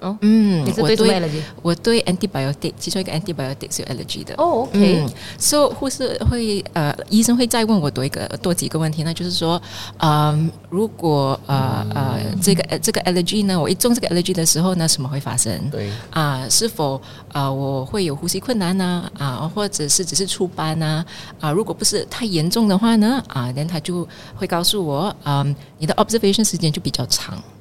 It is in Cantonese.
哦、oh,，嗯，我對我對，我對，antibiotic，其中一個 antibiotics 有 allergy 的。哦、oh,，OK、嗯。所、so, 以護士會，呃，醫生會再問我多一個多幾個問題，那就是說，嗯、呃，如果，呃，啊、嗯呃，這個這個 allergy 呢，我一中這個 allergy 的時候呢，什麼會發生？對，啊、呃，是否，啊、呃，我會有呼吸困難呢、啊？啊、呃，或者是只是出斑呢？啊、呃，如果不是太嚴重的話呢，啊、呃，then 他就會告訴我，嗯、呃，你的 observation 時間就比較長。